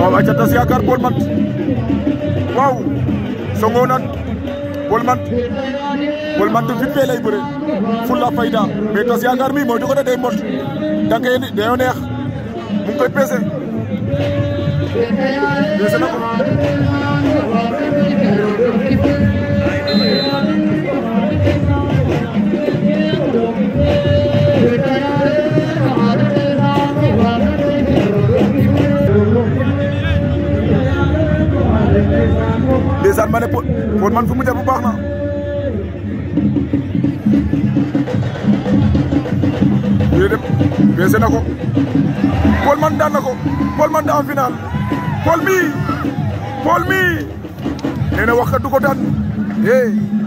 waaw aca tas yaakaar Paul Mat waaw songo nan Paul Mat Paul Mat fit fe lay bëre fulla fayda mais tas yaakaar mi mooy jogoda day mot da ngay dañoo neex mu ngi koy peese na ko ndeysaan ma ne man fu mu jàpp baax na yooyu dem weese ko Pod man daan na ko Pod man daan final Pod mii Pod mii nee na wax du ko daan